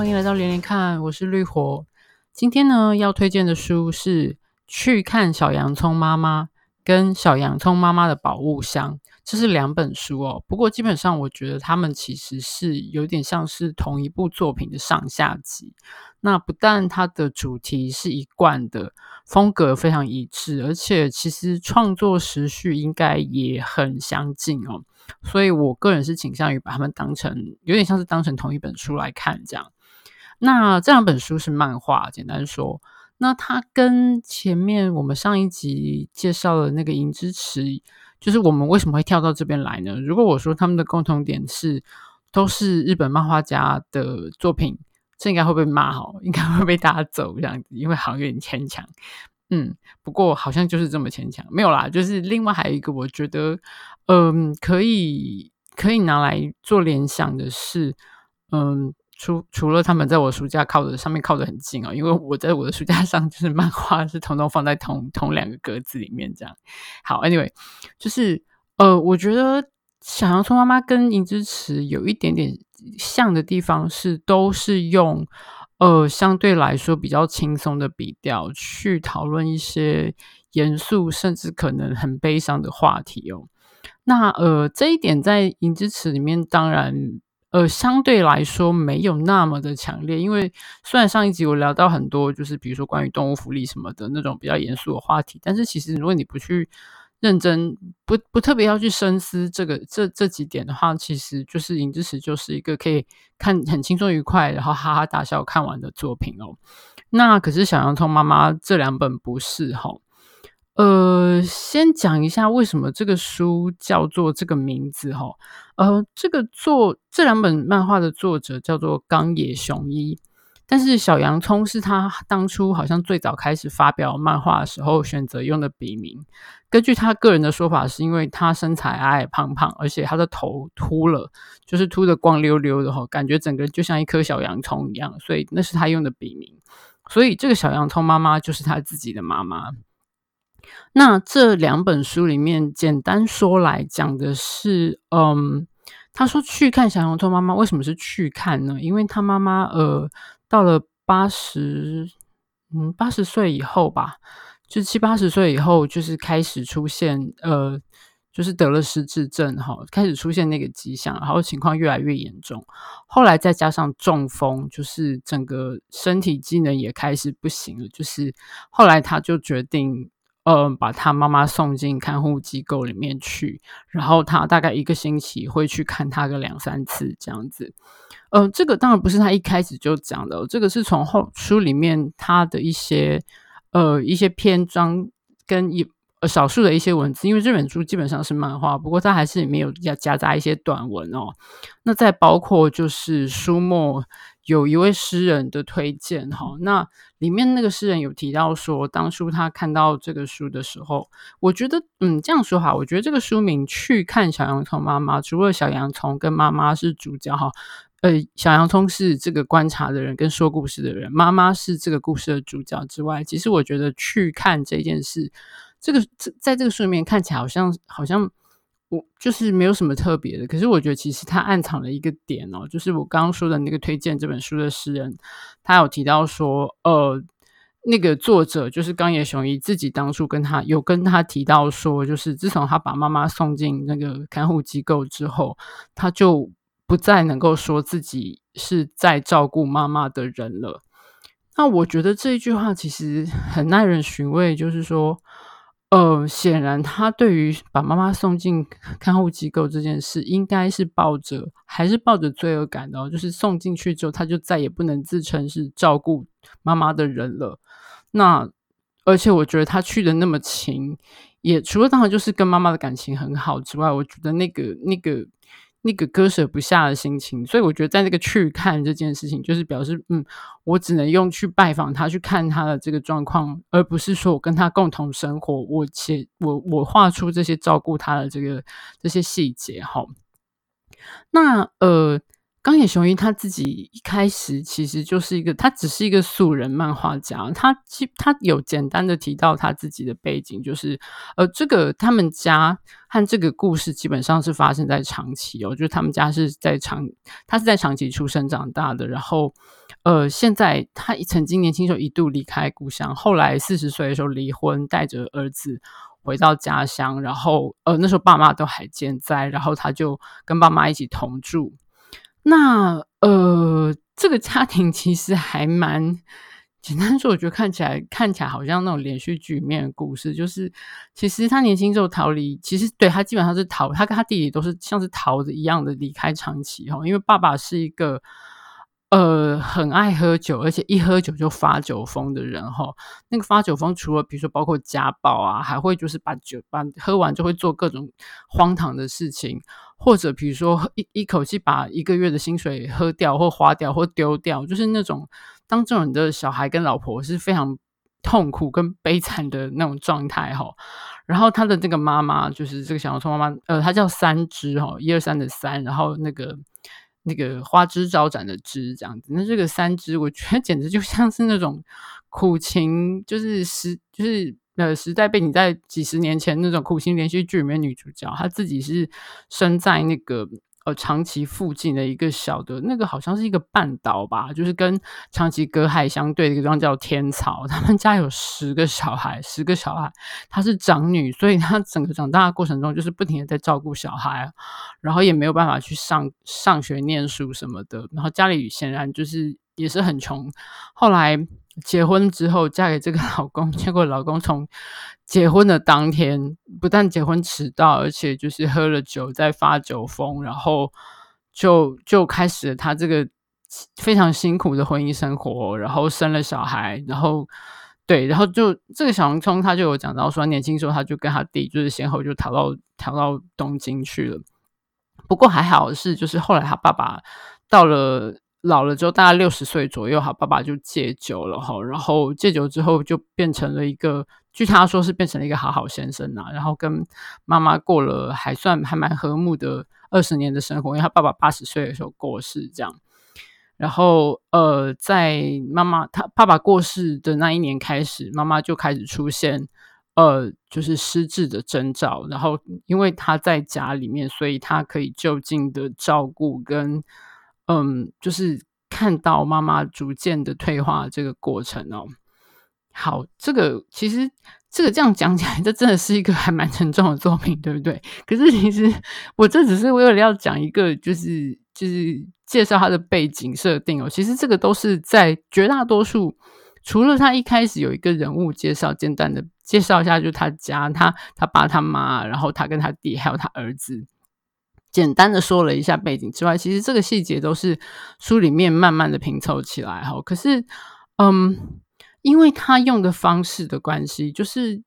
歡迎來到連連看，我是綠火。今天呢要推薦的書是《去看小洋蔥媽媽》跟《小洋蔥媽媽的寶物箱》，這是兩本書哦。不過基本上我覺得他們其實是有點像是同一部作品的上下集。那不但它的主題是一貫的，風格非常一致，而且其實創作時序應該也很相近哦。所以我個人是傾向於把它們當成有點像是當成同一本書來看這樣。那這兩本書是漫畫，簡單說，那它跟前面我們上一集介紹的那個《銀之匙》，就是我們為什麼會跳到這邊來呢？如果我說他們的共同點是都是日本漫畫家的作品，這應該會被罵哈，應該會被打走這樣子，因為好像有點牽強。嗯，不過好像就是這麼牽強，沒有啦。就是另外還有一個，我覺得，嗯、呃，可以可以拿來做聯想的是，嗯、呃。除除了他們在我書架靠的上面靠得很近啊、哦，因為我在我的書架上就是漫畫是統統放在同同兩個格子裡面這樣。好，Anyway，就是呃，我覺得小洋蔥媽媽跟銀之池有一點點像的地方是，都是用呃相對來說比較輕鬆的筆調去討論一些嚴肅甚至可能很悲傷的話題哦。那呃這一點在銀之池裡面當然。呃，相對來說沒有那麼的強烈，因為雖然上一集我聊到很多，就是比如說關於動物福利什麼的那種比較嚴肅的話題，但是其實如果你不去認真，不不特別要去深思這個這這幾點的話，其實就是《銀之匙》就是一個可以看很輕鬆愉快，然後哈哈大笑看完的作品哦。那可是小洋蔥媽媽這兩本不是哈。呃，先講一下為什麼這個書叫做這個名字哈、哦。呃，這個作，這兩本漫畫的作者叫做岡野雄一，但是小洋蔥是他當初好像最早開始發表漫畫的時候選擇用的筆名。根據他個人的說法，是因為他身材矮矮胖胖，而且他的頭禿了，就是禿得光溜溜的吼、哦，感覺整個就像一顆小洋蔥一樣，所以那是他用的筆名。所以這個小洋蔥媽媽就是他自己的媽媽。那這兩本書裡面，簡單說來講的是，嗯，他說去看小洋蔥媽媽，為什麼是去看呢？因為他媽媽，呃，到了八十，嗯，八十歲以後吧，就七八十歲以後，就是開始出現，呃，就是得了失智症，哈，開始出現那個跡象，然後情況越來越嚴重，後來再加上中風，就是整個身體機能也開始不行了，就是後來他就決定。嗯，把他媽媽送進看護機構裡面去，然後他大概一個星期會去看他個兩三次這樣子。嗯、呃，這個當然不是他一開始就講的、哦，這個是從後書裡面他的一些呃一些篇章跟一呃少數的一些文字，因為這本書基本上是漫畫，不過它還是裡面有要夾雜一些短文哦。那再包括就是書末。有一位詩人的推薦哈，那裡面那個詩人有提到說，當初他看到這個書的時候，我覺得，嗯，這樣說哈，我覺得這個書名《去看小洋蔥媽媽》，除了小洋蔥跟媽媽是主角哈，呃，小洋蔥是這個觀察的人跟說故事的人，媽媽是這個故事的主角之外，其實我覺得去看這件事，這個在在這個書裡面看起來好像好像。我就是沒有什麼特別的，可是我覺得其實他暗藏了一個點哦，就是我剛剛說的那個推薦這本書的詩人，他有提到說，呃，那個作者就是岡野雄一自己當初跟他有跟他提到說，就是自從他把媽媽送進那個看護機構之後，他就不再能夠說自己是在照顧媽媽的人了。那我覺得這一句話其實很耐人尋味，就是說。呃，顯然他對於把媽媽送進看護機構這件事，應該是抱着還是抱着罪惡感的哦，就是送進去之後，他就再也不能自稱是照顧媽媽的人了。那而且我覺得他去得那麼勤，也除了當時就是跟媽媽的感情很好之外，我覺得那個那個。那個割舍不下的心情，所以我覺得在那個去看這件事情，就是表示，嗯，我只能用去拜訪他，去看他的這個狀況，而不是說我跟他共同生活，我且我我畫出這些照顧他的這個這些細節哈。那呃。岡野雄一他自己一開始其實就是一個，他只是一個素人漫畫家。他其他有簡單的提到他自己的背景，就是呃，這個他們家和這個故事基本上是發生在長崎哦，就是他們家是在長，他是在長崎出生長大的。然後呃，現在他曾經年輕時候一度離開故鄉，後來四十歲的時候離婚，帶着兒子回到家鄉。然後呃，那時候爸媽都還健在，然後他就跟爸媽一起同住。那呃，這個家庭其實還蠻簡單說，我覺得看起來看起來好像那種連續劇裡面的故事，就是其實他年輕時候逃離，其實對他基本上是逃，他跟他弟弟都是像是逃的一樣的離開長崎哈，因為爸爸是一個。呃，很愛喝酒，而且一喝酒就發酒瘋的人齁。那個發酒瘋，除了比如說包括家暴啊，還會就是把酒吧喝完就會做各種荒唐的事情，或者比如說一一口氣把一個月的薪水喝掉或花掉或丟掉，就是那種當眾的小孩跟老婆是非常痛苦跟悲慘的那種狀態齁。然後他的那個媽媽就是這個小洋蔥媽媽，呃，她叫三只齁，一二三的三，然後那個。那個花枝招展的枝這樣子，那這個三枝，我覺得簡直就像是那種苦情就是，就是時就是呃時代背景在幾十年前那種苦情連續劇裡面女主角，她自己是生在那個。呃、哦，長崎附近的一個小的那個好像是一個半島吧，就是跟長崎隔海相對的一個地方叫天草。他們家有十個小孩，十個小孩，她是長女，所以她整個長大的過程中就是不停的在照顧小孩，然後也沒有辦法去上上學念書什麼的。然後家裡顯然就是也是很窮。後來。結婚之後嫁給這個老公，結果老公從結婚的當天不但結婚遲到，而且就是喝了酒在發酒瘋，然後就就開始了他這個非常辛苦的婚姻生活，然後生了小孩，然後對，然後就這個小洋蔥他就有講到說，年輕時候他就跟他弟就是先後就逃到逃到東京去了，不過還好是就是後來他爸爸到了。老了之後，大概六十歲左右，哈，爸爸就戒酒了，吼，然後戒酒之後就變成了一個，據他說是變成了一個好好先生吶、啊，然後跟媽媽過了還算還蠻和睦的二十年的生活，因為他爸爸八十歲的時候過世，這樣，然後呃，在媽媽他爸爸過世的那一年開始，媽媽就開始出現呃就是失智的徵兆，然後因為他在家裡面，所以他可以就近的照顧跟。嗯，就是看到媽媽逐漸的退化這個過程哦。好，這個其實這個這樣講起來，這真的是一個還蠻沉重的作品，對不對？可是其實我這只是為了要講一個，就是就是介紹他的背景設定哦。其實這個都是在絕大多數，除了他一開始有一個人物介紹，簡單的介紹一下，就是他家，他他爸他媽，然後他跟他弟還有他兒子。簡單的說了一下背景之外，其實這個細節都是書裡面慢慢的拼湊起來哈。可是，嗯，因為他用的方式的關係，就是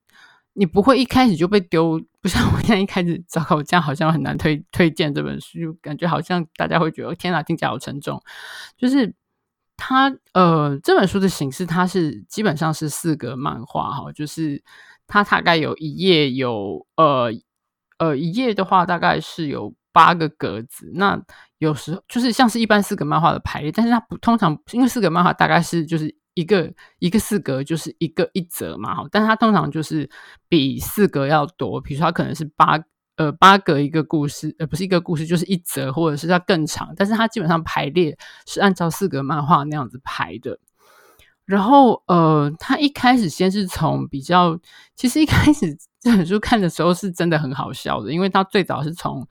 你不會一開始就被丟，不像我現在一開始糟糕，我這樣好像很難推推薦這本書，就感覺好像大家會覺得天哪，聽起來好沉重。就是它，呃，這本書的形式它是基本上是四格漫畫哈，就是它大概有一頁有呃呃一頁的話，大概是有。八個格子，那有時候就是像是一般四個漫畫的排列，但是它不通常，因為四個漫畫大概是就是一個一個四格，就是一個一則嘛，好，但它通常就是比四格要多，比如說它可能是八呃八格一個故事，呃不是一個故事，就是一則或者是要更長，但是它基本上排列是按照四格漫畫那樣子排的。然後，呃，他一開始先是從比較，其實一開始這本書看的時候是真的很好笑的，因為他最早是從，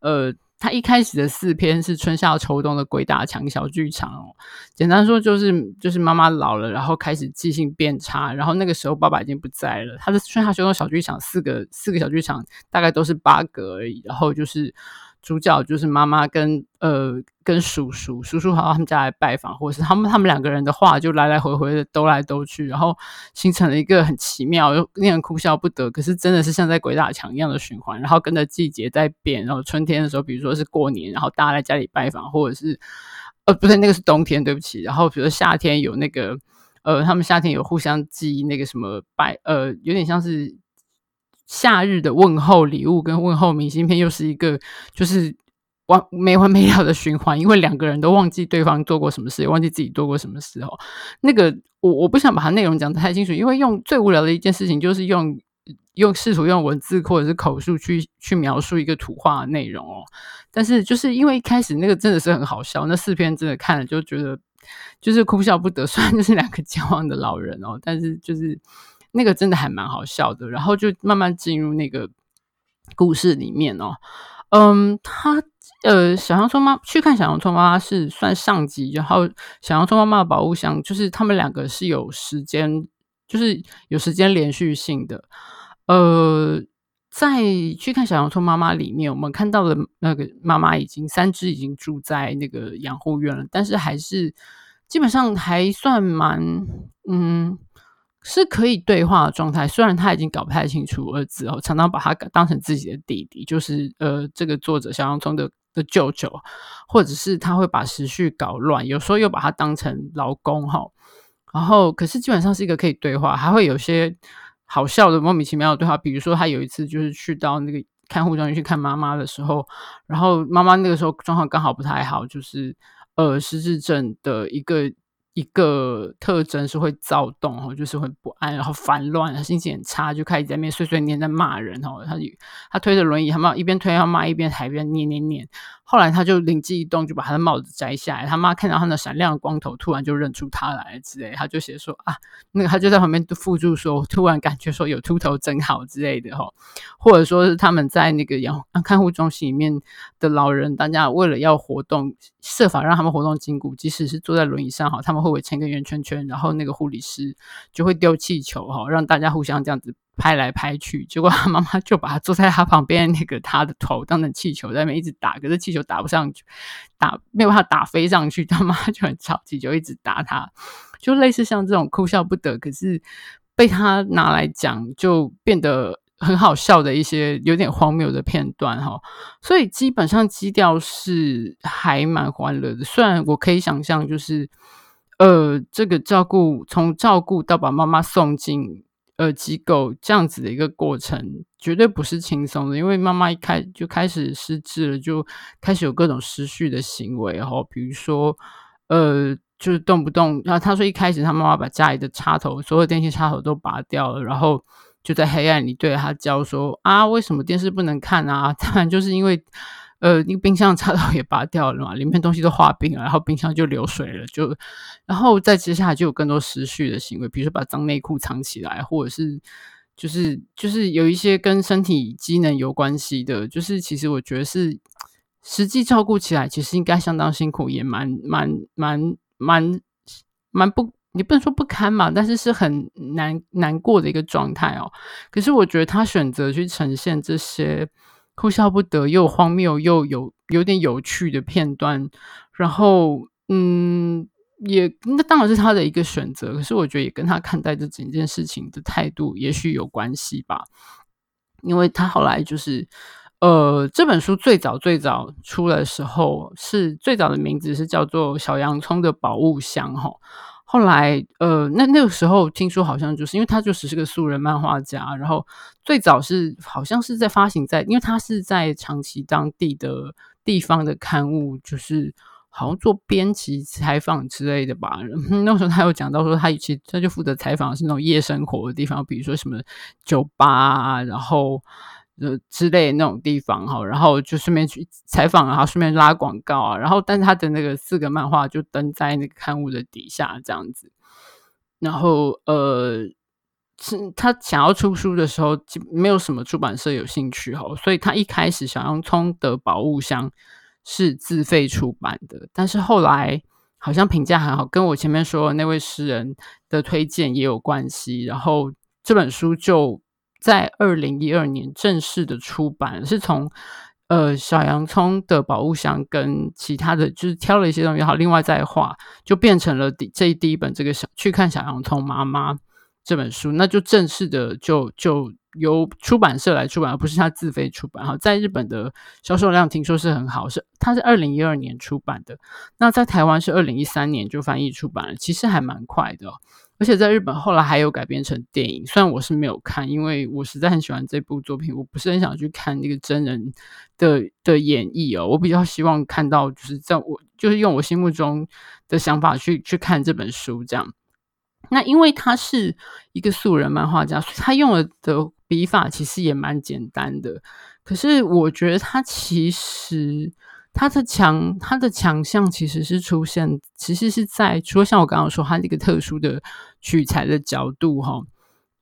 呃，他一開始的四篇是春夏秋冬的鬼打牆小劇場哦，簡單說就是就是媽媽老了，然後開始記性變差，然後那個時候爸爸已經不在了，他的春夏秋冬小劇場四個四個小劇場大概都是八格而已，然後就是。主角就是媽媽跟呃跟叔叔，叔叔跑到他們家來拜訪，或者是他們他們兩個人的話，就來來回回的兜來兜去，然後形成了一個很奇妙又令人哭笑不得，可是真的是像在鬼打牆一樣的循環。然後跟着季節在變，然後春天的時候，比如說是過年，然後大家來家裡拜訪，或者是呃，不對，那個是冬天，對不起。然後比如夏天有那個呃，他們夏天有互相寄那個什麼拜，呃，有點像是。夏日的問候禮物跟問候明信片，又是一個就是完沒完沒了的循環，因為兩個人都忘記對方做過什麼事，也忘記自己做過什麼事哦。那個我我不想把它內容講得太清楚，因為用最無聊的一件事情就是用用試圖用文字或者是口述去去描述一個圖畫的內容哦。但是就是因為一開始那個真的是很好笑，那四篇真的看了就覺得就是哭笑不得算，雖然就是兩個健忘的老人哦，但是就是。那個真的還蠻好笑的，然後就慢慢進入那個故事裡面哦。嗯，他呃，小洋蔥媽去看小洋蔥媽媽是算上集，然後小洋蔥媽媽的寶物箱就是他們兩個是有時間，就是有時間連續性的。呃，在去看小洋蔥媽媽裡面，我們看到的那個媽媽已經失智已經住在那個養護院了，但是還是基本上還算蠻嗯。是可以對話的狀態，雖然他已經搞不太清楚兒子哦，常常把他當成自己的弟弟，就是呃，這個作者小洋蔥的舅舅，或者是他會把時序搞亂，有時候又把他當成老公哈，然後可是基本上是一個可以對話，還會有些好笑的莫名其妙的對話，比如說他有一次就是去到那個看護中心去看媽媽的時候，然後媽媽那個時候狀況剛好不太好，就是呃失智症的一個。一個特徵是會躁動，吼，就是會不安，然後煩亂，心情很差，就開始在那邊碎碎念，在罵人，吼，他他推着輪椅，他罵，一邊推，他罵，一邊還一邊念念念。後來他就靈機一動，就把他的帽子摘下來。他媽看到他那閃亮的光頭，突然就認出他來之類。他就寫說啊，那個他就在旁邊附註說，突然感覺說有禿頭真好之類的哈、哦。或者說是他們在那個養看護中心裡面的老人，大家為了要活動，設法讓他們活動筋骨，即使是坐在輪椅上哈，他們會圍成一個圓圈圈，然後那個護理師就會丟氣球哈，讓大家互相這樣子。拍來拍去，結果他媽媽就把他坐在他旁邊那個他的頭當成氣球，在那邊一直打，可是氣球打不上去，打，沒有辦法打飛上去，他媽就很着急，就一直打他，就類似像這種哭笑不得，可是被他拿來講就變得很好笑的一些有點荒謬的片段哈，所以基本上基調是還蠻歡樂的，雖然我可以想象就是，呃，這個照顧，從照顧到把媽媽送進。呃，機構這樣子的一個過程絕對不是輕鬆的，因為媽媽一開始就開始失智了，就開始有各種失序的行為吼，然後比如說，呃，就是動不動，然後他說一開始他媽媽把家裡的插頭，所有電器插頭都拔掉了，然後就在黑暗裡對他教說啊，為什麼電視不能看啊？當然就是因為。呃，那個冰箱插頭也拔掉了嘛，裡面東西都化冰了，然後冰箱就流水了，就，然後再接下來就有更多失序的行為，比如說把髒內褲藏起來，或者是就是就是有一些跟身體機能有關係的，就是其實我覺得是實際照顧起來其實應該相當辛苦，也蠻蠻蠻蠻蠻，蠻不，你不能說不堪嘛，但是是很難難過的一個狀態哦。可是我覺得他選擇去呈現這些。哭笑不得，又荒謬又有有點有趣的片段，然後嗯，也那當然是他的一個選擇，可是我覺得也跟他看待這整件事情的態度也許有關係吧，因為他後來就是呃這本書最早最早出來的時候是最早的名字是叫做小洋蔥的寶物箱哈。哦後來，呃，那那個時候聽說好像就是，因為他就只是個素人漫畫家，然後最早是好像是在發行在，因為他是在長崎當地的地方的刊物，就是好像做編輯採訪之類的吧。 那時候他有講到說，他以前他就負責採訪是那種夜生活的地方，比如說什麼酒吧，然後。呃，之類的那種地方哈，然後就順便去採訪啊，順便拉廣告啊，然後但他的那個四格漫畫就登在那個刊物的底下這樣子，然後呃，是他想要出書的時候，沒有什麼出版社有興趣，所以他一開始想用《蔥的寶物箱》是自費出版的，但是後來好像評價還好，跟我前面說的那位詩人的推薦也有關係，然後這本書就。在二零一二年，正式的出版是從呃，小洋蔥的寶物箱跟其他的就是挑了一些東西，好，另外再畫就變成了第這一第一本這個小去看小洋蔥媽媽這本書，那就正式的就就由出版社來出版，而不是他自費出版。好，在日本的銷售量聽說是很好，是它是二零一二年出版的，那在台灣是二零一三年就翻譯出版了，其實還蠻快的哦。而且在日本後來還有改編成電影，雖然我是沒有看，因為我實在很喜歡這部作品，我不是很想去看那個真人的的演繹哦，我比較希望看到就是在我就是用我心目中的想法去去看這本書這樣。那因為他是一個素人漫畫家，所以他用了的筆法其實也蠻簡單的，可是我覺得他其實。他的強，他的強項其實是出現，其實是在除了像我剛剛說，他這個特殊的取材的角度，哈，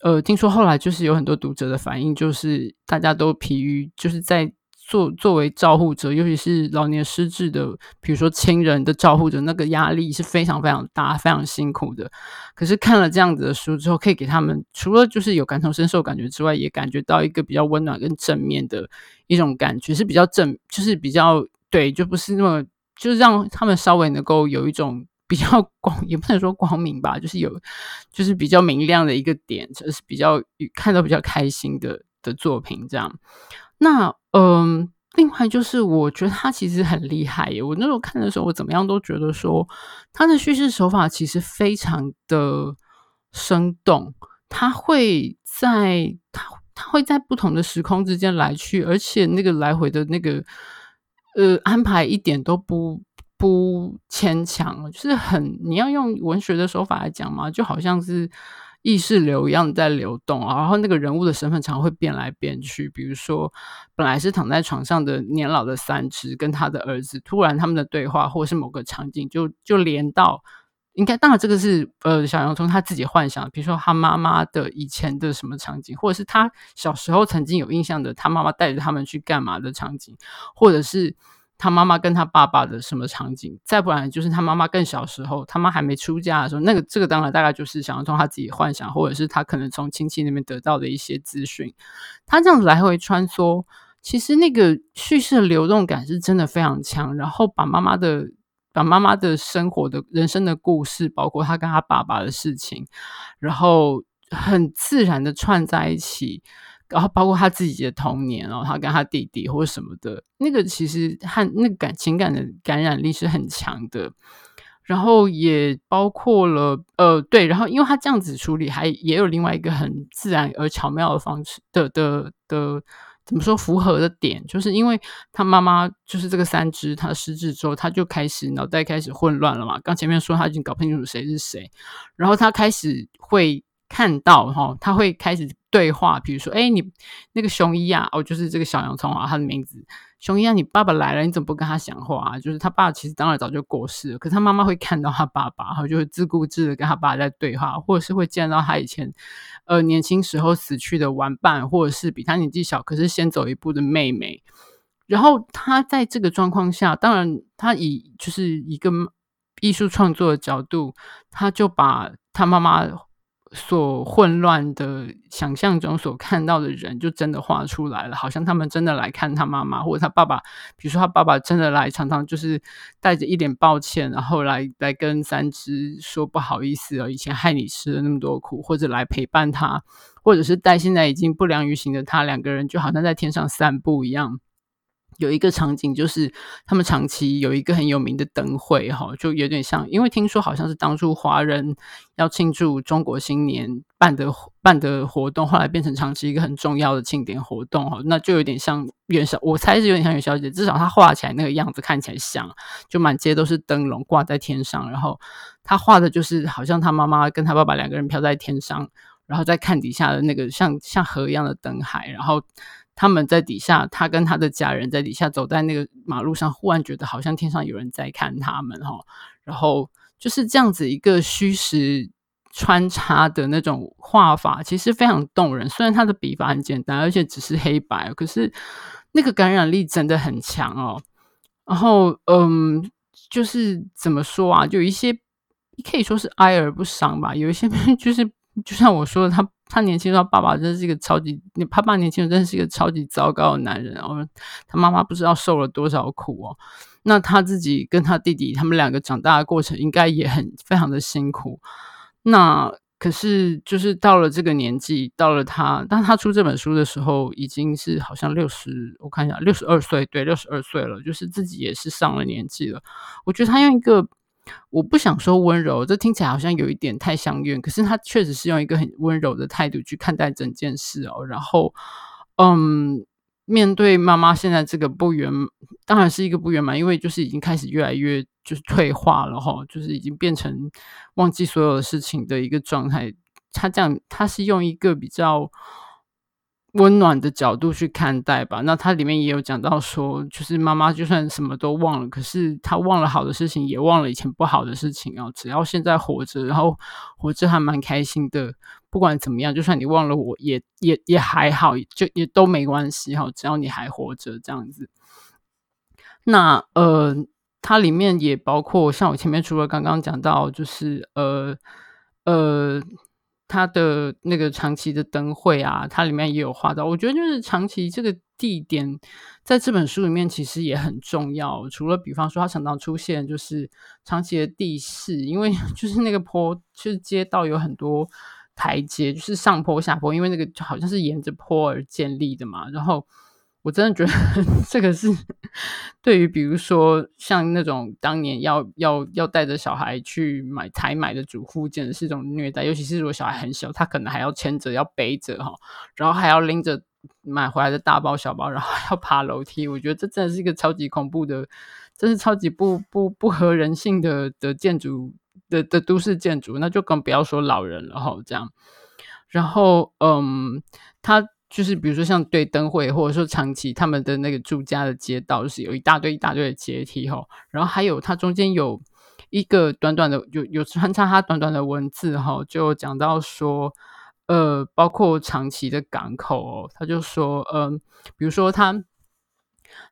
呃，聽說後來就是有很多讀者的反應，就是大家都疲於，就是在作作為照護者，尤其是老年失智的，比如說親人的照護者，那個壓力是非常非常大，非常辛苦的。可是看了這樣子的書之後，可以給他們除了就是有感同身受感覺之外，也感覺到一個比較溫暖跟正面的一種感覺，是比較正，就是比較。對，就不是那麼，就是讓他們稍微能夠有一種比較光，也不能說光明吧，就是有，就是比較明亮的一個點，就是比較看到比較開心的的作品這樣。那嗯，另外就是我覺得他其實很厲害耶。我那時候看的時候，我怎麼樣都覺得說他的敘事手法其實非常的生動，他會在他他會在不同的時空之間來去，而且那個來回的那個。呃，安排一點都不不牽強，就是很，你要用文學的手法來講嘛，就好像是意識流一樣在流動，然後那個人物的身份常會變來變去，比如說本來是躺在床上的年老的三只，跟他的兒子突然他們的對話，或是某個場景就就連到。應該當然，這個是呃，小洋蔥他自己幻想，比如說他媽媽的以前的什麼場景，或者是他小時候曾經有印象的他媽媽帶着他們去幹嘛的場景，或者是他媽媽跟他爸爸的什麼場景，再不然就是他媽媽更小時候，他媽還沒出嫁的時候，那個這個當然大概就是小洋蔥他自己幻想，或者是他可能從親戚那邊得到的一些資訊。他這樣子來回穿梭，其實那個敘事的流動感是真的非常強，然後把媽媽的。把媽媽的生活的人生的故事，包括她跟她爸爸的事情，然後很自然的串在一起，然後包括她自己的童年然後，她跟她弟弟或什麼的，那個其實和那個感情感的感染力是很強的，然後也包括了呃，對，然後因為她這樣子處理，還也有另外一個很自然而巧妙的方式的的的。的的怎麼說符合的點，就是因為他媽媽就是這個三只，他失智之後，他就開始腦袋開始混亂了嘛。剛前面說他已經搞不清楚誰是誰，然後他開始會看到哈，他會開始，對話，比如說，誒你那個雄一啊，哦，就是這個小洋蔥啊，他的名字雄一啊，你爸爸來了，你怎麼不跟他講話啊？就是他爸其實當然早就過世了，可是他媽媽會看到他爸爸，然後就會自顧自的跟他爸爸在對話，或者是會見到他以前呃年輕時候死去的玩伴，或者是比他年紀小可是先走一步的妹妹。然後他在這個狀況下，當然他以就是一個藝術創作的角度，他就把他媽媽。所混亂的想象中所看到的人，就真的畫出來了，好像他們真的來看他媽媽，或者他爸爸。比如說，他爸爸真的來，常常就是帶着一點抱歉，然後來來跟三枝說不好意思哦，以前害你吃了那麼多苦，或者來陪伴他，或者是帶現在已經不良於行的他，兩個人就好像在天上散步一樣。有一個場景，就是他們長崎有一個很有名的燈會，哈，就有點像，因為聽說好像是當初華人要慶祝中國新年辦的辦的活動，後來變成長崎一個很重要的慶典活動，哈，那就有點像元宵，我猜是有點像元宵節，至少她畫起來那個樣子看起來像，就滿街都是燈籠掛在天上，然後她畫的就是好像她媽媽跟她爸爸兩個人飄在天上，然後再看底下的那個像像河一樣的燈海，然後。他們在底下，他跟他的家人在底下走在那個馬路上，忽然覺得好像天上有人在看他們哈、哦。然後就是這樣子一個虛實穿插的那種畫法，其實非常動人。雖然他的筆法很簡單，而且只是黑白，可是那個感染力真的很強哦。然後，嗯，就是怎麼說啊，就一些可以說是哀而不傷吧。有一些就是就像我說的，他。他年輕的時候，爸爸真是一個超級……他爸，爸年輕的時候真是一個超級糟糕的男人哦。他媽媽不知道受了多少苦哦。那他自己跟他弟弟，他們兩個長大的過程應該也很非常的辛苦。那可是就是到了這個年紀，到了他當他出這本書的時候，已經是好像六十，我看一下，六十二歲，對，六十二歲了，就是自己也是上了年紀了。我覺得他用一個。我不想說溫柔，這聽起來好像有一點太鄉愿。可是他確實是用一個很溫柔的態度去看待整件事哦。然後，嗯，面對媽媽現在這個不圓，當然是一個不圓滿，因為就是已經開始越來越就是退化了吼、哦，就是已經變成忘記所有的事情的一個狀態。他這樣，他是用一個比較。溫暖的角度去看待吧。那它裡面也有講到說，就是媽媽就算什麼都忘了，可是她忘了好的事情，也忘了以前不好的事情哦。只要現在活着，然後活着還蠻開心的。不管怎麼樣，就算你忘了我，也也也還好，就也都沒關係哈、哦。只要你還活着這樣子。那呃，它裡面也包括像我前面除了剛剛講到，就是呃呃。呃它的那個長崎的燈會啊，它裡面也有畫到。我覺得就是長崎這個地點，在這本書裡面其實也很重要。除了比方說他常常出現，就是長崎的地勢，因為就是那個坡，就是街道有很多台階，就是上坡下坡，因為那個好像是沿着坡而建立的嘛。然後。我真的覺得這個是對於，比如說像那種當年要要要帶着小孩去買採買的主婦，簡直是一種虐待。尤其是我小孩很小，他可能還要牽着要背着哈，然後還要拎着買回來的大包小包，然後還要爬樓梯。我覺得這真的是一個超級恐怖的，這是超級不不不合人性的的建築的的都市建築。那就更不要說老人了齁，這樣。然後嗯，他。就是比如說像對燈會，或者說長崎他們的那個住家的街道，就是有一大堆一大堆的階梯哈。然後還有它中間有一個短短的，有有穿插它短短的文字哈，就講到說呃，包括長崎的港口哦，他就說嗯、呃，比如說他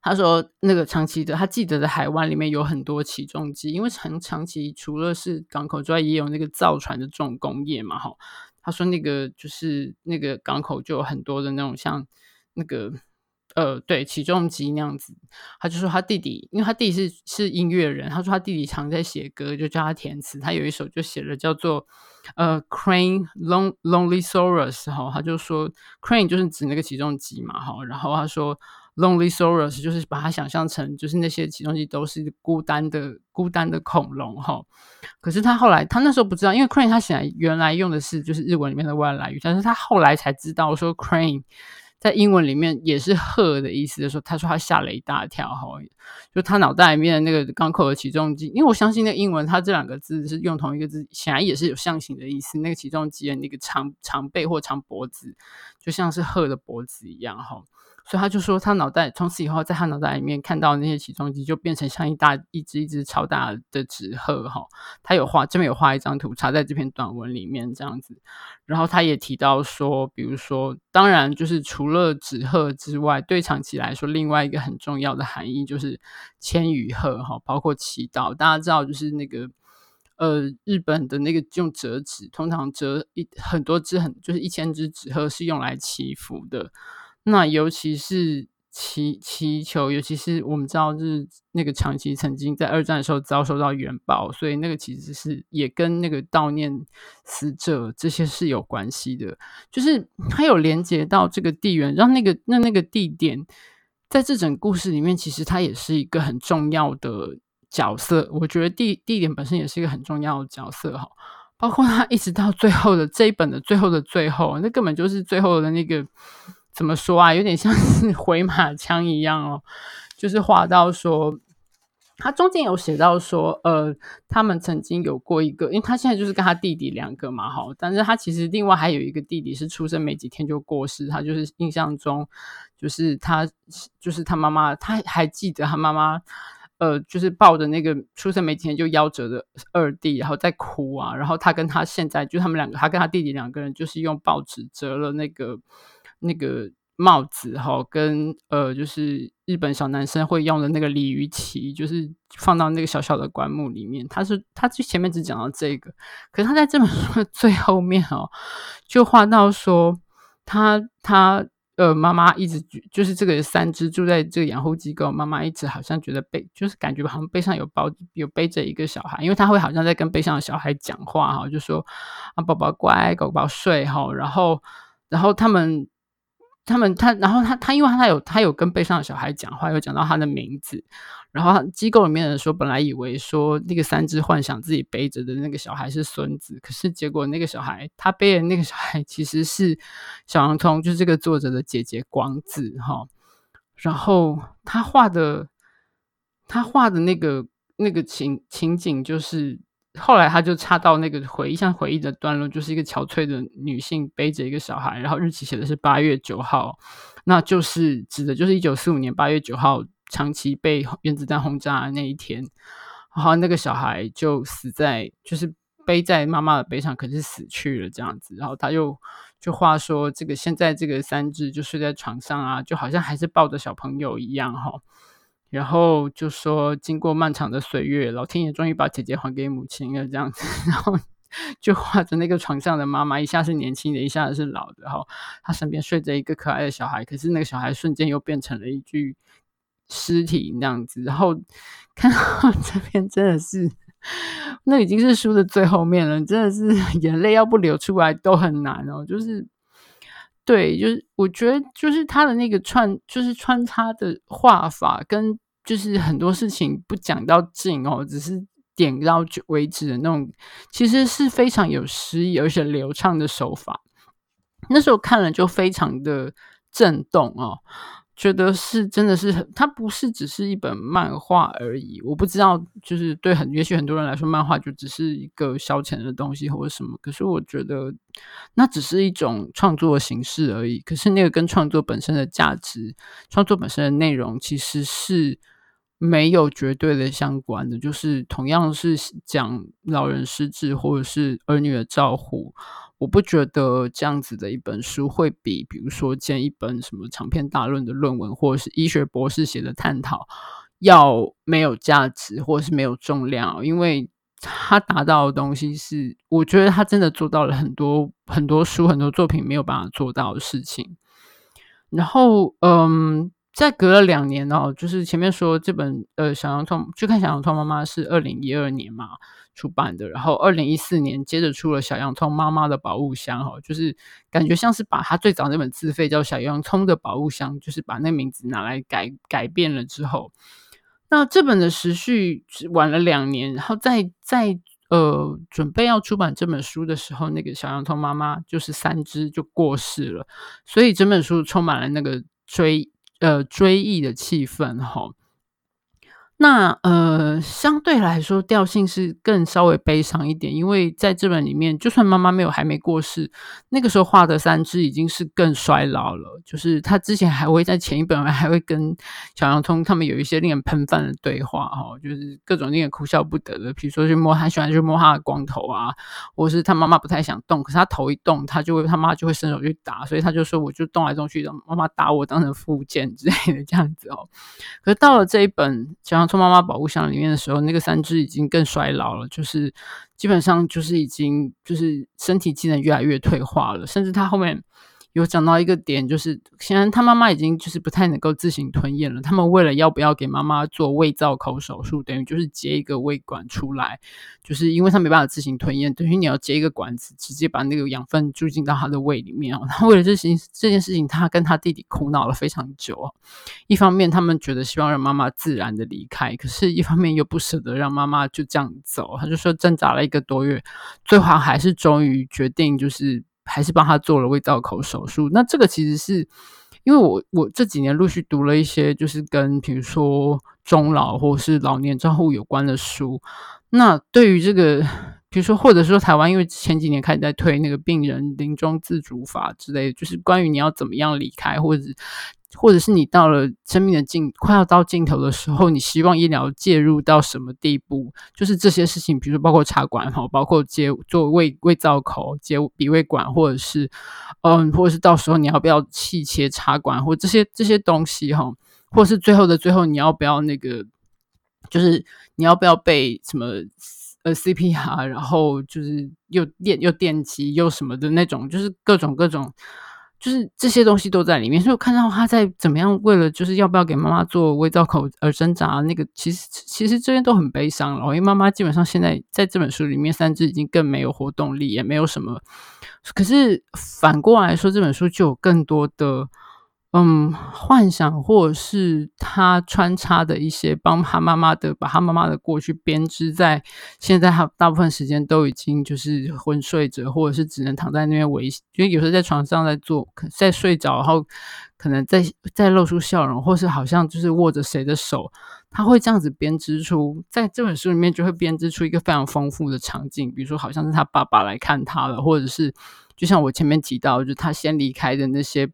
他說那個長崎的他記得的海灣裡面有很多起重機，因為長長崎除了是港口之外，也有那個造船的這種工業嘛哈。他說：“那個就是那個港口就有很多的那種像那個呃，對，起重機那樣子。”他就說他弟弟，因為他弟弟是是音樂人，他說他弟弟常在寫歌，就叫他填詞。他有一首就寫了叫做《呃 Crane Lon Lonely Sorrows》哈，他就說 Crane 就是指那個起重機嘛哈、哦，然後他說。Lonely saurus，就是把它想象成就是那些起重機都是孤單的孤單的恐龍哈。可是他後來他那時候不知道，因為 Crane 他顯然原來用的是就是日文裡面的外來語，但是他後來才知道說 Crane 在英文裡面也是鶴的意思的時候，就是，他說他嚇了一大跳哈，就他腦袋裡面的那個港口的起重機，因為我相信那個英文它這兩個字是用同一個字，顯然也是有象形的意思。那個起重機的那個長長背或長脖子，就像是鶴的脖子一樣哈。吼所以他就說，他腦袋從此以後，在他腦袋裡面看到那些起重機，就變成像一大一隻一隻超大的紙鶴哈。他有畫，這邊有畫一張圖插在這篇短文裡面這樣子。然後他也提到說，比如說，當然就是除了紙鶴之外，對長崎來說，另外一個很重要的含義就是千羽鶴哈，包括祈禱。大家知道，就是那個呃日本的那個用折紙，通常折一很多隻，很就是一千隻紙鶴是用來祈福的。那尤其是祈祈求，尤其是我們知道，是那個長崎曾經在二戰的時候遭受到原爆，所以那個其實是也跟那個悼念死者這些是有關係的，就是它有連接到這個地緣，讓那個那那，那個地點在這整故事裡面，其實它也是一個很重要的角色。我覺得地地點本身也是一個很重要的角色哈，包括它一直到最後的這一本的最後的最後，那根本就是最後的那個。怎麼說啊？有點像是回馬槍一樣哦，就是畫到說，他中間有寫到說，呃，他們曾經有過一個，因為他現在就是跟他弟弟兩個嘛，哈，但是他其實另外還有一個弟弟是出生沒幾天就過世，他就是印象中，就是他，就是他媽媽，他還記得他媽媽，呃，就是抱着那個出生沒幾天就夭折的二弟，然後在哭啊，然後他跟他現在就他們兩個，他跟他弟弟兩個人就是用報紙摺了那個。那個帽子哈，跟呃，就是日本小男生會用的那個鯉魚旗，就是放到那個小小的棺木裡面。他是他最前面只講到這個，可是他在這本書的最後面哦，就畫到說他他呃媽媽一直就是這個三只住在這個養護機構，媽媽一直好像覺得背就是感覺好像背上有包有背着一個小孩，因為他會好像在跟背上的小孩講話哈，就說啊寶寶乖，狗寶睡哈，然後然後他們。他們他，然後他他，因為他有他有跟背上的小孩講話，有講到他的名字。然後機構裡面的人說，本來以為說那個三隻幻想自己背着的那個小孩是孫子，可是結果那個小孩他背的那個小孩其實是小洋蔥，就是這個作者的姐姐光子哈、哦。然後他畫的他畫的那個那個情情景就是。後來他就插到那個回憶，像回憶的段落，就是一個憔悴的女性背着一個小孩，然後日期寫的是八月九號，那就是指的就是一九四五年八月九號長崎被原子彈轟炸的那一天，然後那個小孩就死在，就是背在媽媽的背上，可是死去了這樣子，然後他又就話說這個現在這個三只就睡在床上啊，就好像還是抱着小朋友一樣、哦，哈。然後就說，經過漫長的歲月，老天爺終於把姐姐還給母親了，這樣子。然後就畫着那個床上的媽媽，一下是年輕的，一下是老的，然後她身邊睡着一個可愛的小孩，可是那個小孩瞬間又變成了一具屍體那樣子。然後看到這邊真的是，那已經是書的最後面了，真的是眼淚要不流出來都很難哦，就是。對，就是我覺得，就是他的那個串，就是穿插的畫法，跟就是很多事情不講到盡哦，只是點到就為止的那種，其實是非常有詩意而且流暢的手法。那時候看了就非常的震動哦。覺得是真的是很，它不是只是一本漫畫而已。我不知道，就是對很也許很多人來說，漫畫就只是一個消遣的東西或者什麼。可是我覺得，那只是一種創作形式而已。可是那個跟創作本身的價值、創作本身的內容，其實是。沒有絕對的相關的，就是同樣是講老人失智或者是兒女的照顧，我不覺得這樣子的一本書會比，比如說，建一本什麼長篇大論的論文，或者是醫學博士寫的探討，要沒有價值或是沒有重量哦，因為他達到的東西是，我覺得他真的做到了很多很多書很多作品沒有辦法做到的事情。然後，嗯。再隔了兩年哦，就是前面說這本呃小洋蔥去看小洋蔥媽媽是二零一二年嘛出版的，然後二零一四年接着出了小洋蔥媽媽的寶物箱哦，就是感覺像是把他最早那本自費叫小洋蔥的寶物箱，就是把那名字拿來改改變了之後，那這本的時序晚了兩年，然後在在呃準備要出版這本書的時候，那個小洋蔥媽媽就是三隻就過世了，所以整本書充滿了那個追。呃，追憶的氣氛，哈。那呃，相對來說調性是更稍微悲傷一點，因為在這本裡面，就算媽媽沒有還沒過世，那個時候畫的三只已經是更衰老了。就是他之前還會在前一本還會跟小洋蔥他們有一些令人噴飯的對話，哈、哦，就是各種令人哭笑不得的，比如說去摸他喜歡去摸他的光頭啊，或是他媽媽不太想動，可是他頭一動，他就會他媽就會伸手去打，所以他就說我就動來動去，讓媽媽打我當成復健之類的這樣子哦。可是到了這一本小洋蔥。從媽媽寶物箱裡面的時候，那個三隻已經更衰老了，就是基本上就是已經就是身體機能越來越退化了，甚至它後面。有講到一個點，就是現在他媽媽已經就是不太能夠自行吞咽了。他們為了要不要給媽媽做胃造口手術，等於就是接一個胃管出來，就是因為他沒辦法自行吞咽，等於你要接一個管子，直接把那個養分注進到他的胃裡面啊。他為了這件這件事情，他跟他弟弟苦惱了非常久。一方面他們覺得希望讓媽媽自然的離開，可是一方面又不舍得讓媽媽就這樣走。他就說掙扎了一個多月，最後還是終於決定就是。還是幫他做了胃造口手術。那這個其實是因為我我這幾年陸續讀了一些，就是跟比如說終老或是老年照護有關的書。那對於這個。比如說，或者說台灣，因為前幾年開始在推那個病人臨終自主法之類的，就是關於你要怎麼樣離開，或者，或者是你到了生命的盡快要到盡頭的時候，你希望醫療介入到什麼地步？就是這些事情，比如說包括插管哈，包括接做胃胃造口，接鼻胃管，或者是嗯，或者是到時候你要不要氣切插管，或這些這些東西哈，或者是最後的最後，你要不要那個，就是你要不要被什麼？呃，CPR，然後就是又電又電擊又什麼的那種，就是各種各種，就是這些東西都在裡面。所以我看到他在怎麼樣為了就是要不要給媽媽做胃造口而掙扎，那個其實其實這邊都很悲傷了，因為媽媽基本上現在在這本書裡面，三只已經更沒有活動力，也沒有什麼。可是反過來說，這本書就有更多的。嗯，幻想或者是他穿插的一些幫他媽媽的，把他媽媽的過去編織在現在。他大部分時間都已經就是昏睡着，或者是只能躺在那邊維。因、就、為、是、有時候在床上在做，在睡着，然後可能在在露出笑容，或是好像就是握着誰的手，他會這樣子編織出在這本書裡面就會編織出一個非常豐富的場景。比如說，好像是他爸爸來看他了，或者是就像我前面提到，就是、他先離開的那些。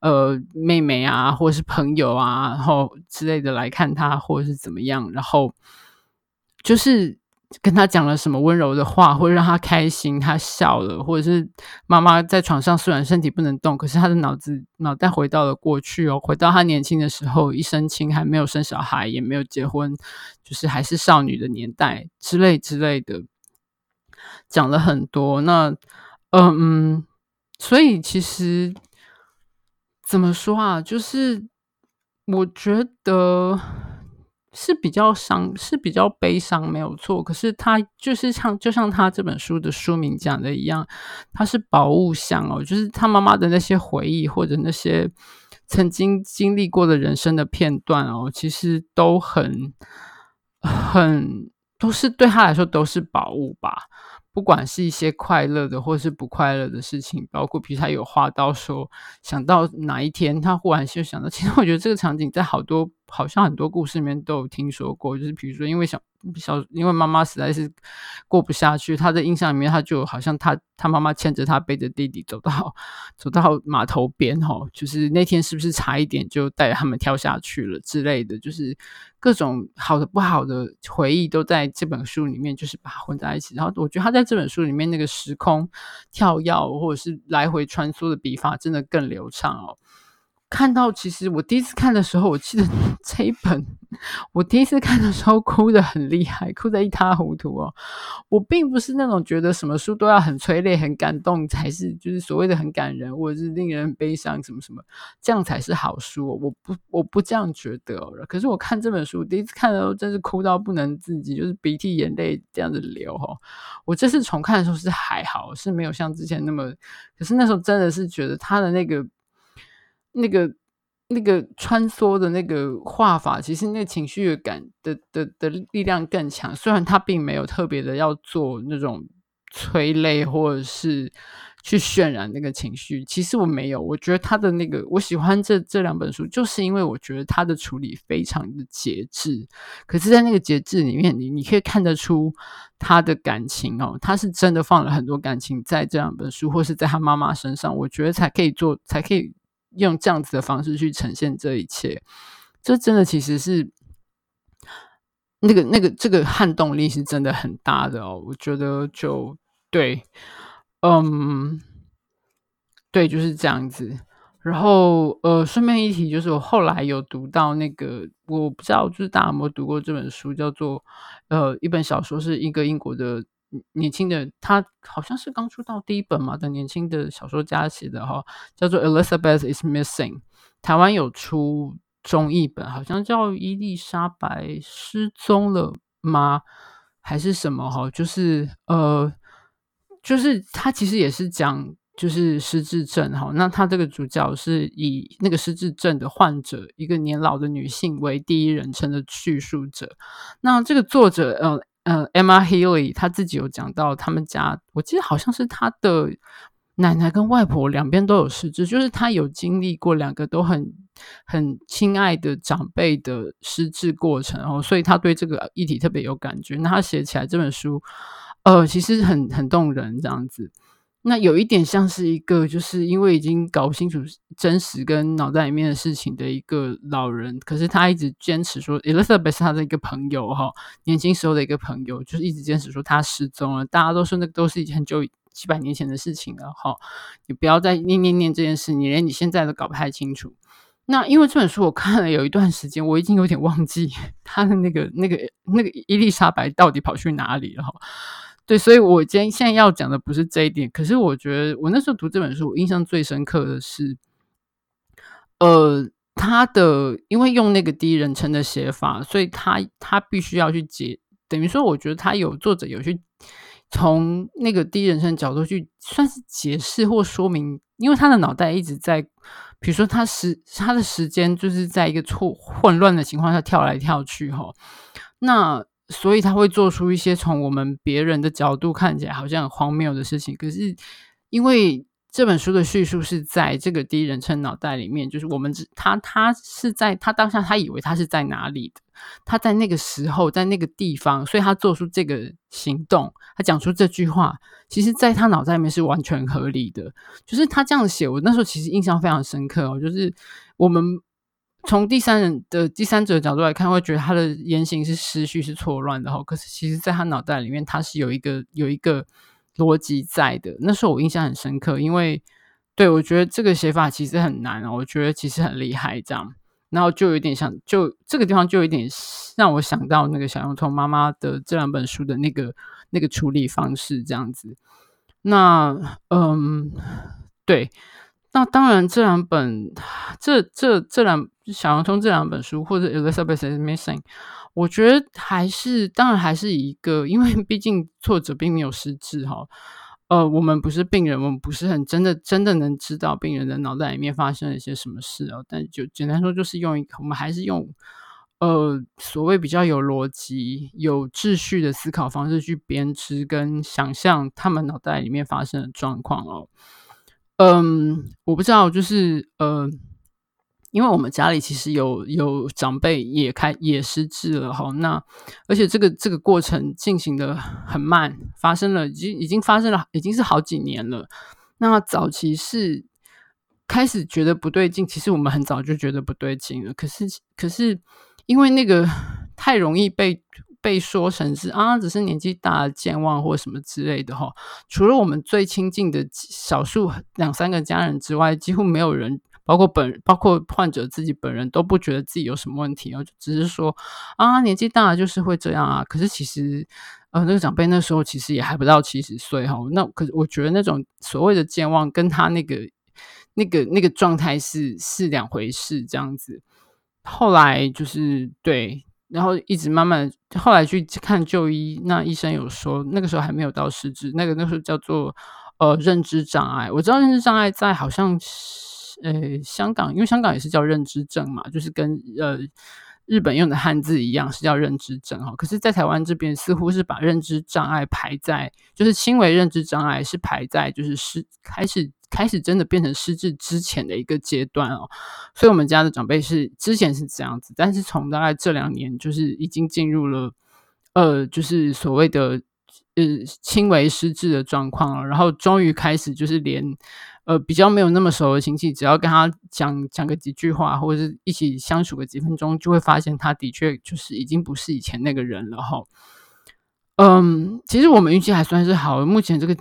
呃，妹妹啊，或者是朋友啊，然後之類的來看他，或者是怎麼樣，然後就是跟他講了什麼溫柔的話，或者讓他開心，他笑了，或者是媽媽在床上雖然身體不能動，可是他的腦子腦袋回到了過去哦，回到他年輕的時候，一身輕，還沒有生小孩，也沒有結婚，就是還是少女的年代之類之類的，講了很多。那，呃、嗯，所以其實。怎麼說啊？就是我覺得是比較傷，是比較悲傷，沒有錯。可是他就是像，就像他這本書的書名講的一樣，他是寶物箱哦。就是他媽媽的那些回憶，或者那些曾經經歷過的人生的片段哦，其實都很、很都是對他來說都是寶物吧。不管是一些快樂的，或是不快樂的事情，包括比如他有畫到說，想到哪一天他忽然就想到，其實我覺得這個場景在好多好像很多故事裡面都有聽說過，就是比如說因為想。小，因為媽媽實在是過不下去，她的印象裡面，她就好像她她媽媽牽着她背着弟弟走到走到碼頭邊，哦，吼，就是那天是不是差一點就帶着他們跳下去了之類的，就是各種好的不好的回憶都在這本書裡面，就是把它混在一起。然後我覺得他在這本書裡面那個時空跳躍或者是來回穿梭的筆法真的更流暢哦。看到，其實我第一次看的時候，我記得這一本，我第一次看的時候哭得很厲害，哭得一塌糊塗哦。我並不是那種覺得什麼書都要很催淚、很感動才是，就是所謂的很感人，或者是令人悲傷什麼什麼，這樣才是好書哦。我不，我不這樣覺得哦。可是我看這本書第一次看的時候，真是哭到不能自己，就是鼻涕眼淚這樣子流哦。我這次重看的時候是還好，是沒有像之前那麼。可是那時候真的是覺得他的那個。那個那個穿梭的那個畫法，其實那個情緒的感的的的力量更強。雖然他並沒有特別的要做那種催淚，或者是去渲染那個情緒。其實我沒有，我覺得他的那個我喜歡這這兩本書，就是因為我覺得他的處理非常的節制。可是，在那個節制裡面，你你可以看得出他的感情哦，他是真的放了很多感情在這兩本書，或是在他媽媽身上。我覺得才可以做，才可以。用這樣子的方式去呈現這一切，這真的其實是那個、那個、這個撼動力是真的很大的哦。我覺得就對，嗯，對，就是這樣子。然後呃，順便一提，就是我後來有讀到那個，我不知道就是大家有沒有讀過這本書，叫做呃，一本小說，是一個英國的。年輕的他好像是剛出道第一本嘛的，年輕的小說家寫的哈，叫做《Elizabeth is Missing》，台灣有出中譯本，好像叫《伊麗莎白失蹤了嗎》還是什麼哈？就是呃，就是他其實也是講就是失智症哈。那他這個主角是以那個失智症的患者一個年老的女性為第一人稱的敘述者。那這個作者呃。呃、uh，Emma Healey 他自己有講到，他們家，我記得好像是他的奶奶跟外婆兩邊都有失智，就是他有經歷過兩個都很很親愛的長輩的失智過程哦，所以他對這個議題特別有感覺。那他寫起來這本書，呃，其實很很動人這樣子。那有一點像是一個，就是因為已經搞不清楚真實跟腦袋裡面的事情的一個老人，可是他一直堅持說伊麗莎白是他的一個朋友哈，年輕時候的一個朋友，就是一直堅持說他失蹤了，大家都說那都是已經很久幾百年前的事情了哈，你不要再念念念這件事，你連你現在都搞不太清楚。那因為這本書我看了有一段時間，我已經有點忘記他的那個那個那個伊麗莎白到底跑去哪裡了哈。對，所以，我今天現在要講的不是這一點，可是我覺得我那時候讀這本書，我印象最深刻的是，呃，他的因為用那個第一人稱的寫法，所以他他必須要去解，等於說，我覺得他有作者有去從那個第一人稱角度去算是解釋或說明，因為他的腦袋一直在，比如說他時他的時間就是在一個錯混亂的情況下跳來跳去哈，那。所以他會做出一些從我們別人的角度看起來好像很荒謬的事情，可是因為這本書的敘述是在這個第一人稱腦袋裡面，就是我們只他他是在他當下他以為他是在哪裡，他在那個時候在那個地方，所以他做出這個行動，他講出這句話，其實在他腦袋裡面是完全合理的。就是他這樣寫，我那時候其實印象非常深刻哦，就是我們。從第三人的第三者的角度來看，會覺得他的言行是失序是錯亂的哈。可是其實在他腦袋裡面，他是有一個有一個邏輯在的。那時候我印象很深刻，因為對，我覺得這個寫法其實很難，我覺得其實很厲害這樣。然後就有點想，就這個地方就有點讓我想到那個小洋蔥媽媽的這兩本書的那個那個處理方式這樣子。那嗯，對，那當然這兩本，這這這兩。小洋蔥這兩本書，或者《Elizabeth Is Missing》，我覺得還是當然還是一個，因為畢竟作者並沒有失智哈、哦。呃，我們不是病人，我們不是很真的真的能知道病人的腦袋裡面發生了一些什麼事、哦、但就簡單說，就是用一個，我們還是用呃所謂比較有邏輯、有秩序的思考方式去編織跟想象他們腦袋裡面發生的狀況哦。嗯、呃，我不知道，就是呃。因為我們家裡其實有有長輩也開也失智了齁，那而且這個這個過程進行的很慢，發生了已經已經發生了已經是好幾年了。那早期是開始覺得不對勁，其實我們很早就覺得不對勁了，可是可是因為那個太容易被被說成是啊，只是年紀大健忘或什麼之類的齁。除了我們最親近的少數兩三個家人之外，幾乎沒有人。包括本包括患者自己本人都不覺得自己有什麼問題哦，只是說啊，年紀大了就是會這樣啊。可是其實呃，那個長輩那時候其實也還不到七十歲哈、哦。那可我覺得那種所謂的健忘跟他那個那個、那個、那個狀態是是兩回事這樣子。後來就是對，然後一直慢慢後來去看就醫，那醫生有說那個時候還沒有到失智，那個那個、時候叫做呃認知障礙。我知道認知障礙在好像是。呃，香港因為香港也是叫認知症嘛，就是跟呃日本用的漢字一樣，是叫認知症哈、哦。可是，在台灣這邊似乎是把認知障礙排在，就是輕微認知障礙是排在就是失開始開始真的變成失智之前的一個階段哦。所以，我們家的長輩是之前是這樣子，但是從大概這兩年，就是已經進入了呃，就是所謂的。呃，輕微失智的狀況了，然後終於開始就是連呃比較沒有那麼熟的親戚，只要跟他講講個幾句話，或者是一起相處個幾分鐘，就會發現他的確就是已經不是以前那個人了哈。嗯，其實我們運氣還算是好，目前這個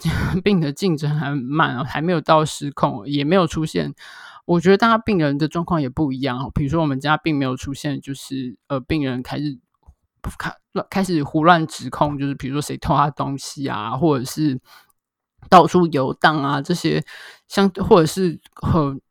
病的進展還慢，還沒有到失控，也沒有出現。我覺得大家病人的狀況也不一樣，比如說我們家並沒有出現，就是呃病人開始。不看，開始胡亂指控，就是比如說誰偷他東西啊，或者是到處遊蕩啊，這些像，或者是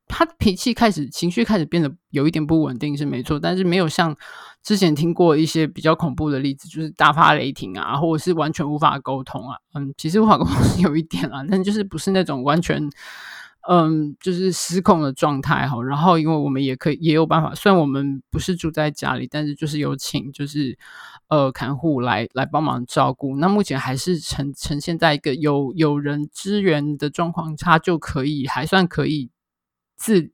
他脾氣開始，情緒開始變得有一點不穩定，是沒錯，但是沒有像之前聽過一些比較恐怖的例子，就是大發雷霆啊，或者是完全無法溝通啊，嗯，其實無法溝通是有一點啊，但就是不是那種完全。嗯，就是失控的狀態哈。然後，因為我們也可以也有辦法，雖然我們不是住在家裡，但是就是有請就是呃看護來來幫忙照顧。那目前還是呈呈現在一個有有人支援的狀況，他就可以還算可以自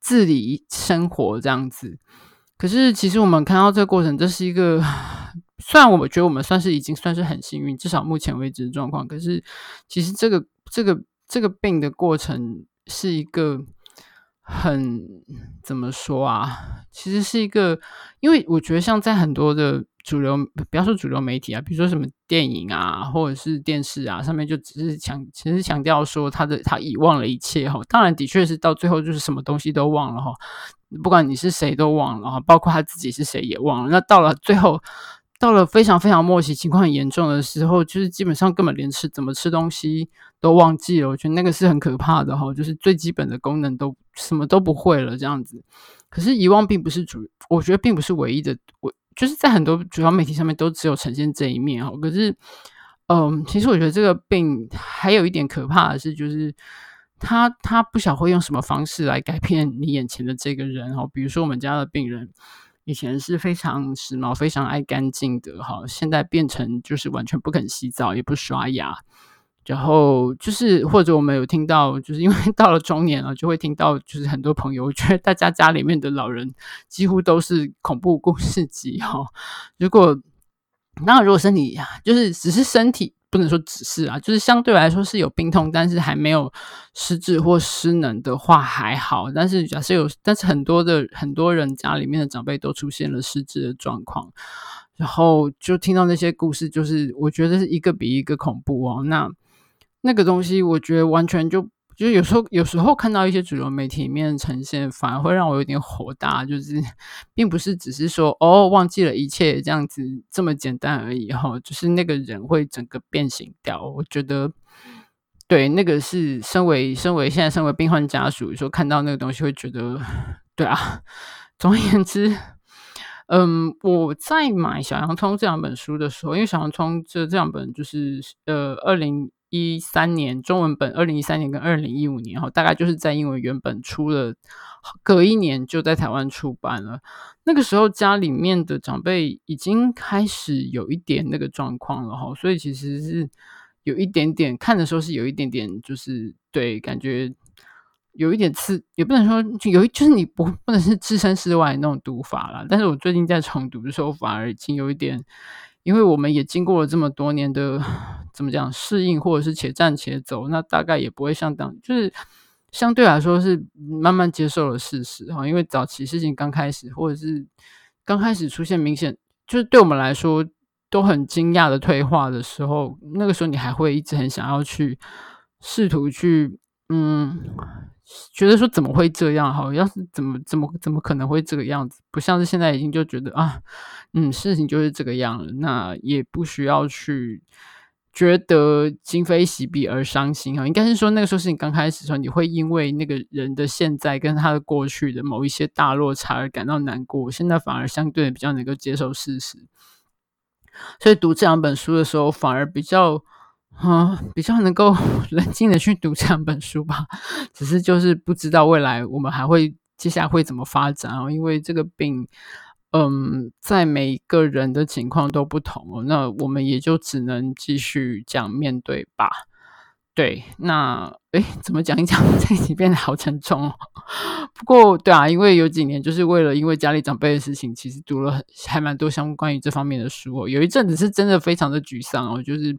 自理生活這樣子。可是，其實我們看到這個過程，這是一個雖然我覺得我們算是已經算是很幸運，至少目前為止的狀況。可是，其實這個這個。這個病的過程是一個很，怎麼說啊？其實是一個，因為我覺得像在很多的主流，不要說主流媒體啊，比如說什麼電影啊，或者是電視啊，上面就只是強，其實強調說他的他遺忘了一切哈。當然，的確是到最後就是什麼東西都忘了哈，不管你是誰都忘了哈，包括他自己是誰也忘了。那到了最後。到了非常非常末期，情況很嚴重的時候，就是基本上根本連吃怎麼吃東西都忘記了。我覺得那個是很可怕的哈，就是最基本的功能都什麼都不會了這樣子。可是遺忘並不是主，我覺得並不是唯一的。我就是在很多主要媒體上面都只有呈現這一面哈。可是，嗯、呃，其實我覺得這個病還有一點可怕的是，就是他他不曉會用什麼方式來改變你眼前的這個人哈。比如說我們家的病人。以前是非常時髦、非常愛乾淨的哈，現在變成就是完全不肯洗澡，也不刷牙，然後就是或者我們有聽到，就是因為到了中年了，就會聽到就是很多朋友覺得大家家裡面的老人幾乎都是恐怖故事集哈。如果那如果是你就是只是身體。不能說只是啊，就是相對來說是有病痛，但是還沒有失智或失能的話還好。但是假設有，但是很多的很多人家裡面的長輩都出現了失智的狀況，然後就聽到那些故事，就是我覺得是一個比一個恐怖哦。那那個東西，我覺得完全就。就是有時候，有時候看到一些主流媒體裡面呈現，反而會讓我有點火大。就是，並不是只是說哦，忘記了一切這樣子這麼簡單而已哈、哦。就是那個人會整個變形掉，我覺得，對，那個是身為身為現在身為病患家屬，說看到那個東西會覺得，對啊。總而言之，嗯，我在買《小洋蔥》這兩本書的時候，因為《小洋蔥》這這兩本就是呃二零。一三年中文本，二零一三年跟二零一五年齁，大概就是在英文原本出了，隔一年就在台灣出版了。那個時候家裡面的長輩已經開始有一點那個狀況了齁，所以其實是有一點點看的時候是有一點點，就是對，感覺有一點刺，也不能說就有，就是你不不能是置身事外的那種讀法了。但是我最近在重讀的時候，反而已經有一點。因為我們也經過了這麼多年的怎麼講適應，或者是且戰且走，那大概也不會像當就是相對來說是慢慢接受了事實哈。因為早期事情剛開始，或者是剛開始出現明顯，就是對我們來說都很驚訝的退化的時候，那個時候你還會一直很想要去試圖去嗯。覺得說怎麼會這樣？好像是怎麼怎麼怎麼可能會這個樣子？不像是現在已經就覺得啊，嗯，事情就是這個樣了，那也不需要去覺得今非昔比而傷心啊。應該是說那個時候事情剛開始的時候，你會因為那個人的現在跟他的過去的某一些大落差而感到難過。現在反而相對比較能夠接受事實，所以讀這兩本書的時候反而比較。嗯，比較能夠冷靜的去讀這兩本書吧，只是就是不知道未來我們還會接下來會怎麼發展哦。因為這個病，嗯，在每一個人的情況都不同哦，那我們也就只能繼續這樣面對吧。對，那誒、欸、怎麼講一講，這一集變得好沉重哦。不過，對啊，因為有幾年就是為了因為家裡長輩的事情，其實讀了還蠻多相關於這方面的書哦。有一陣子是真的非常的沮喪哦，就是。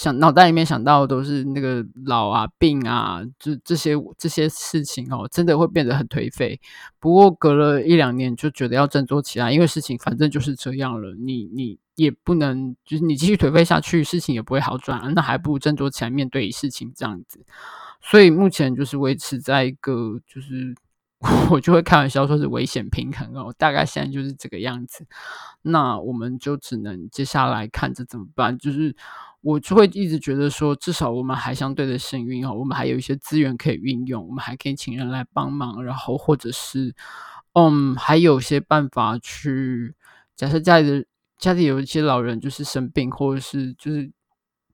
想，腦袋裡面想到的都是那個老啊、病啊，就這些這些事情哦，真的會變得很頹廢。不過隔了一兩年，就覺得要振作起來，因為事情反正就是這樣了，你你也不能就是你繼續頹廢下去，事情也不會好轉啊，那還不如振作起來面對事情這樣子。所以目前就是維持在一個就是。我就會開玩笑說，是危險平衡哦。大概現在就是這個樣子，那我們就只能接下來看着怎麼辦。就是我就會一直覺得說，至少我們還相對的幸運哦，我們還有一些資源可以運用，我們還可以請人來幫忙，然後或者是，嗯，還有些辦法去。假設家裡的家裡有一些老人，就是生病，或者是就是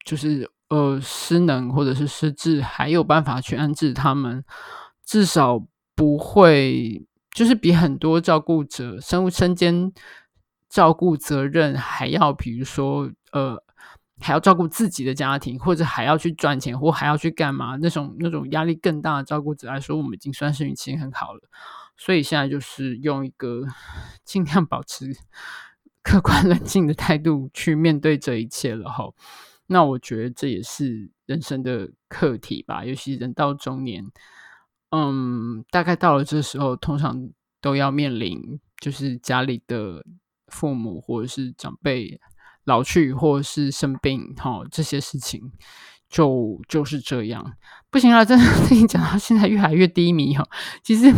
就是呃失能，或者是失智，還有辦法去安置他們，至少。不會，就是比很多照顧者身身兼照顧責任還要，比如說呃，還要照顧自己的家庭，或者還要去賺錢，或還要去幹嘛？那種那種壓力更大的照顧者來說，我們已經算是運氣很好了。所以現在就是用一個盡量保持客觀冷靜的態度去面對這一切了。吼，那我覺得這也是人生的課題吧，尤其人到中年。嗯，大概到了這時候，通常都要面臨就是家裡的父母或者是長輩老去或者是生病，齁，這些事情就就是這樣，不行了，真的，跟你講到現在越來越低迷哦，其實，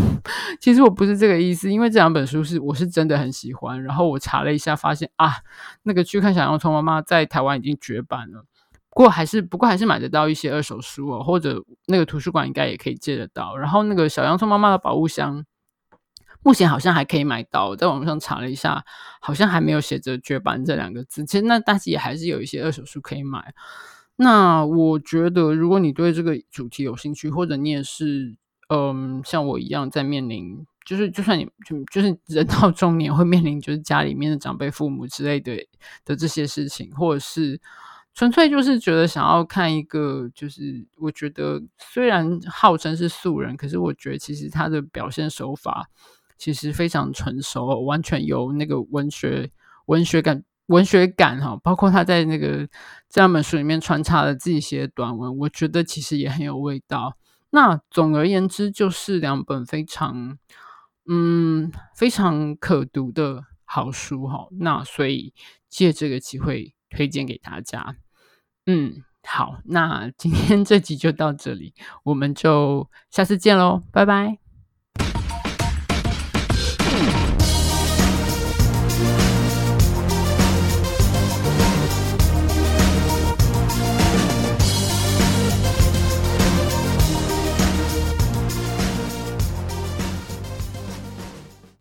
其實我不是這個意思，因為這兩本書是我是真的很喜歡，然後我查了一下，發現啊，那個去看小洋蔥媽媽在台灣已經絕版了。不過還是不過還是買得到一些二手書哦，或者那個圖書館應該也可以借得到。然後那個小洋蔥媽媽的寶物箱，目前好像還可以買到，我在網上查了一下，好像還沒有寫着絕版這兩個字。其實那但是也還是有一些二手書可以買。那我覺得，如果你對這個主題有興趣，或者你也是嗯、呃、像我一樣在面臨，就是就算你就就是人到中年會面臨，就是家裡面的長輩、父母之類的的這些事情，或者是。純粹就是覺得想要看一個，就是我覺得雖然號稱是素人，可是我覺得其實他的表現手法其實非常成熟哦，完全有那個文學文學感文學感哈、哦。包括他在那個這兩本書裡面穿插的自己寫的短文，我覺得其實也很有味道。那總而言之，就是兩本非常嗯非常可讀的好書哈、哦。那所以借這個機會推薦給大家。嗯，好，那今天這集就到這裡，我們就下次見嘍，拜拜。